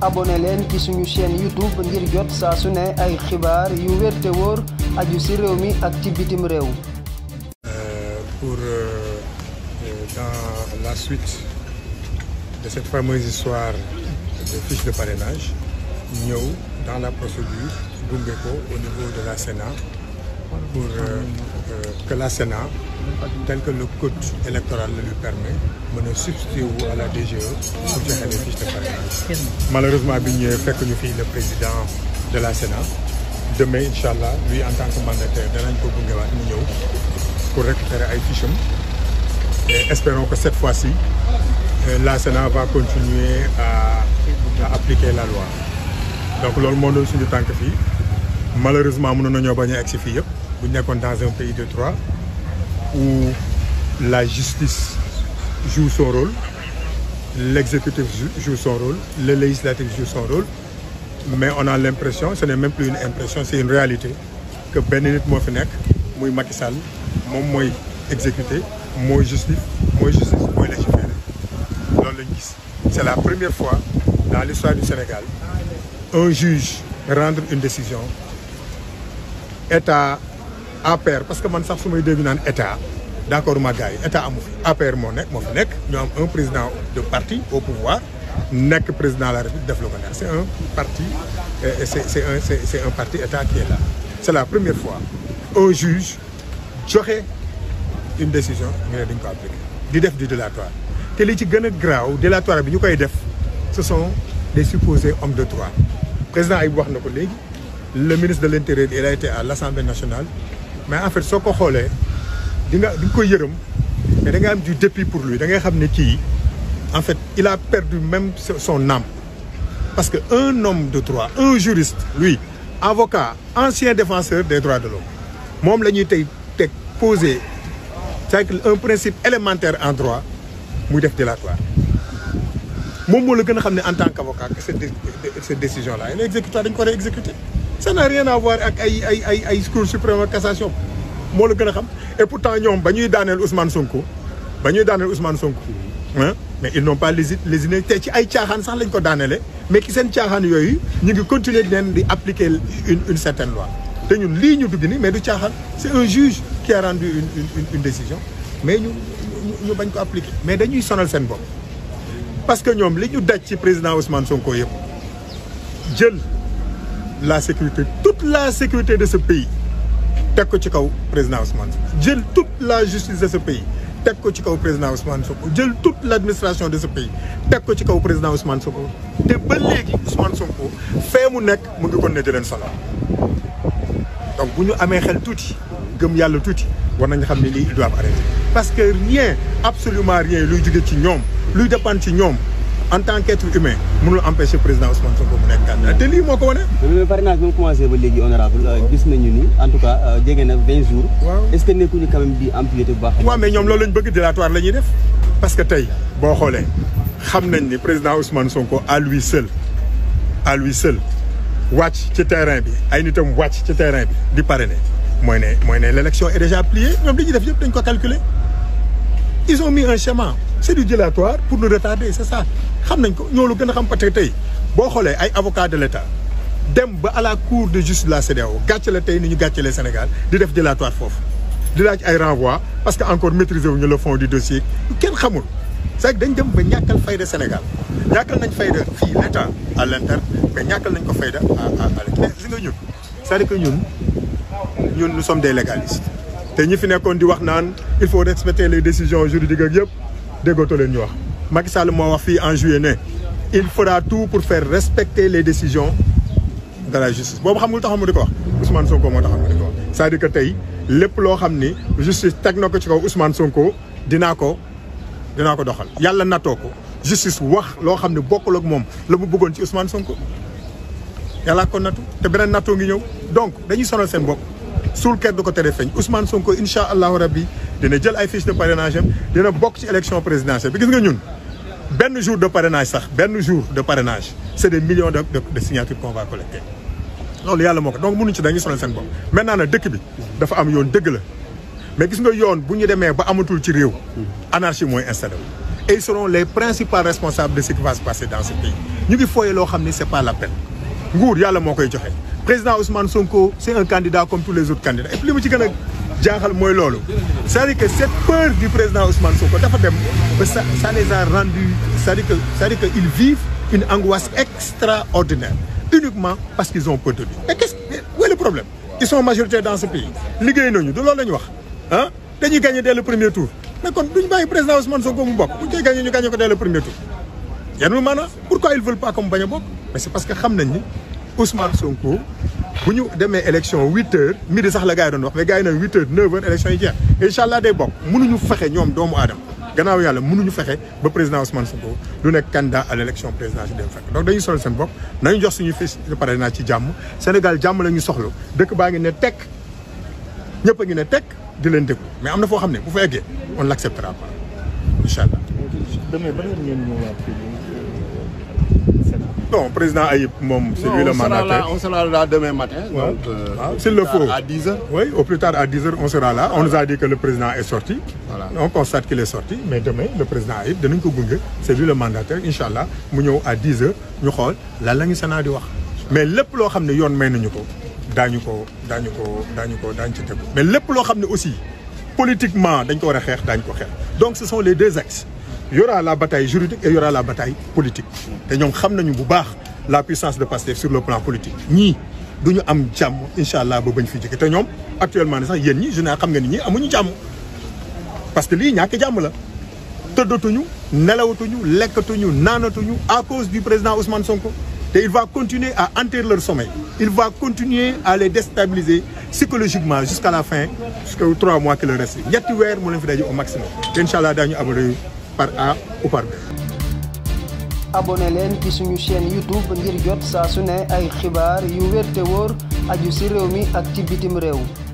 abonné leen ci suñu chaîne YouTube ngir jot saa su ne ay xibaar yu wér te wóor aju ci réew mi ak ci bitim réew. Euh, pour euh, euh, dans la suite de cette fameuse histoire de fiche de parrainage ñëw dans la procédure gunge ko au niveau de la Sénat pour. Euh, que la Sénat tel que le code électoral le lui permet mën a substituer à la DGE pour joxe les fiches malheureusement bi ñu fekk ñu fii le président de la Sénat demain incha allah lui en tant que mandataire danañ ko gungewaat mu ñëw pour récupérer ay fiches am et espérons que cette fois-ci euh, la Sénat va continuer à appliquer la loi donc loolu moo doon suñu tànk fii malheureusement mënoon nañoo bañ a egg si fii yëpp. bu nekkoon dans un pays de droit où la justice joue son rôle l'exécutif joue son rôle le législatif joue son rôle mais on a l'impression ce n'est même plus une impression c'est une réalité que benn nit moo fi nekk muy Macky Sall moom mooy exécuté mooy justif mooy justice mooy légiféré loolu lañ gis c'est la première fois dans l'histoire du Sénégal un juge rendre une décision état APR parce que man sax su may dégg naan état d' accord ma gars état amu fi APR moo nekk moo nekk ñoo am un président de parti au pouvoir nekk président la République def la ko neex c' un parti euh, c' est c' est un c' est état qui est là. c' la première fois un juge joxe une décision nga ne dañ ko appliqué di def du dilatoire te li ci gën a graaw dilatoire bi ñu koy def ce sont des supposés hommes de droit président ay wax na ko léegi le ministre de l' intérieur il a été nationale. mais en fait soo ko xoolee di nga di nga koy yërëm mais da am du dépit pour lui da ngay xam ni kii en fait il a perdu même son âme parce que un homme de droit un juriste lui avocat ancien défenseur des droits de l'homme moom la ñuy tey teg posé c'est-à-dire principe élémentaire en droit muy def dilatoire moom moo la gën a xam ne en tant qu'avocat cette cette décision là elle est exécutoire dañu ko war exécuter ça n'a rien à ak ay ay ay ay cour suprême ak cassation moo la gën a xam et pourtant ñoom ba ñuy daaneel Ousmane Sonko ba ñuy daaneel Ousmane Sonko ah mais il n'ont pas lési lésiné te ci ay caaxaan sax lañ ko daaneele mais ki seen caaxaan yooyu ñu ngi continuer di leen di appliquer une une certaine loi te ñun lii ñu dugg ni mais du caaxaan c'est un juge qui a rendu une décision mais ñu ñu bañ ko appliquer mais dañuy sonal seen bopp parce que ñoom li ñu daj ci président Ousmane Sonko yëpp jël. la sécurité toute la sécurité de ce pays teg ko ci kaw président Ousmane jël toute la justice de ce pays teg ko ci kaw président Ousmane Sonko jël toute la administration de ce pays teg ko ci kaw président Ousmane Sonko te ba léegi Ousmane Sonko fee mu nekk mu ngi kon ne di leen solo donc bu ñu amee xel tuuti gëm yàlla tuuti war nañ xam ne lii ils doivent arrêter parce que rien absolument rien luy jóge ci ñoom luy dépendre ci ñoom en tant qu' être humain mënul empêcher président Ousmane Sonko mu nekk candidat te lii moo ko wane. mais parrainage bi mu commencé ba léegi honorable euh, gis nañu ni en tout cas euh, jege na vingt jours. waaw est ce que nekkuñu quand même di bu baax. waaw mais ñoom loolu lañ bëgg dilatoire la def parce que tey boo xoolee xam nañ ni président Ousmane Sonko à lui seul à lui seul wàcc ci terrain bi ay nitam wàcc ci terrain bi di parrainer mooy ne mooy ne l' élection est déjà pliée ñoom li ñuy def yëpp dañ ko calculer ils ont mis un c'est du dilatoire pour le retarder c'est ça xam nañ ko ñoo lu gën a xam parce que tey boo xoolee ay avocats de l'État dem ba à la cour de justice la CEDEAO gàcce la tey ni ñu gàccelee Sénégal di def dilatoire foofu di laaj ay renvoi parce que encore maîtriser wuñu le fond du dossier kenn xamul c'est dañ dem ba ñàkkal fayda Sénégal ñàkkal nañ fayda fii l'État à l'interne mais ñàkkal nañ ko fayda à à mais si nga ñun c'est-à-dire que ñun ñun nous sommes des légalistes te ñi fi nekkoon di wax naan il faut respecter les décisions juridiques déggooto leen ñu wax Macky Sall moo wax fii en juillet ne il fera tout pour faire respecter les décisions de la justice boobu xam nga lu taxaw mu di ko wax Ousmane Sonko moo taxaw mu di ko wax c'est-à-dire que tey lépp loo xam ni justice teg na ko ci kaw Ousmane Sonko dinaa ko dinaa ko doxal yàlla nattoo ko justice wax loo xam ne bokkul ak moom la mu bëggoon ci Ousmane Sonko yàllaa ko nattu te beneen nattoo ngi ñëw donc dañuy sonal seen bokk suul ker du ko tere feeñ Ousmane Sonko incha allahu rabbi dina jël ay fiche de parrainage dina bokk ci élection présidentielle bi gis nga ñun benn jour de parrainage sax benn jour de parrainage c'est des millions de de signatures collecter loolu yàlla moo ko donc mënuñu ci dañuy sonal seen bopp maintenant nag dëkk bi dafa am yoon dëgg la mais gis nga yoon bu ñu demee ba amatul ci réew anarchie mooy installé et ils les principaux responsables de ce qui va se passer dans ce pays ñu ngi fooyee loo xam ni c'est pas nguur yàlla moo koy joxe président Ousmane Sonko c'est un candidat comme tous les autres candidats li mu ci gën a jaaxal mooy loolu c'est-à-dire que cette peur du président Ousmane Sonko dafa dem ba ça ça les a rendus c'est-à-dire que cest à que ils vivent une angoisse extraordinaire uniquement parce qu'ils ont peur de lui problème ils sont majoritaires dans ce pays liggéey nañu du loolu la ñu wax ah dañuy gagné dès le premier tour mais kon duñu bàyyi président Ousmane Sonko mu bokk buñ koy gagné ñu gagné ko dès le premier tour yanul maanaam pourquoi ils veulent pas comme bañ a bokk mais c'est parce bu ñu demee élection huit heures midi sax la gars yi doon wax mais gars yi nag huit heures neuf heures yi jeex incha allah day bokk mënuñu fexe ñoom doomu aadama gannaaw yàlla mënuñu fexe ba président Ousmane Sonko du nekk candidat à l' élection présidentielle dem fekk donc dañuy sol seen bopp nañu jox suñu fiche de parrainage ci jàmm Sénégal jàmm la ñu dëkk baa ngi ne tekk ñëpp ngi ne tekk di leen déglu mais am na foo xam ne bu fa eggee on l' acceptera pas incha allah. bon président Ayib moom. c'est lui le mandataire on sera là demain matin. Ah, euh, s'il le faut à 10 heures. au plus tard à 10 heures on sera là on nous a dit que le président est sorti. voilà on constate qu'il est sorti mais demain le président Ayib danañ ko gunge c'est lui le mandataire incha allah mu ñëw à 10 heures ñu xool lan la ñu di wax. mais lépp loo xam ne yoon may nañu ko daañu ko daañu ko daañu ko daañu ci tegu. mais lépp loo xam ne aussi politiquement dañ ko war a xeex daañu ko xeex donc ce sont les deux y aura la bataille juridique et y aura la bataille politique te ñoom xam nañu bu baax la puissance de Pastef sur le plan politique ñii du ñu am jàmm incha allah ba bañ fi jóge te ñoom actuellement ne sax yéen ñi général xam nga ni ñii amuñu jàmm parce que lii ñàkk jàmm la tëddatuñu nelawatuñu lekkatuñu naanatuñu à cause du président Ousmane Sonko te il va continuer à enter leur sommeil il va continuer à les déstabiliser psychologiquement jusqu'à la fin jusqu'aux mois qui leur weer mu leen fi daje au maximum te incha allah daañu par A ou par B. leen ci suñu chaîne YouTube ngir jot saa su ne ay xibaar yu wér te wóor aju ci réew mi ak ci bitim réew.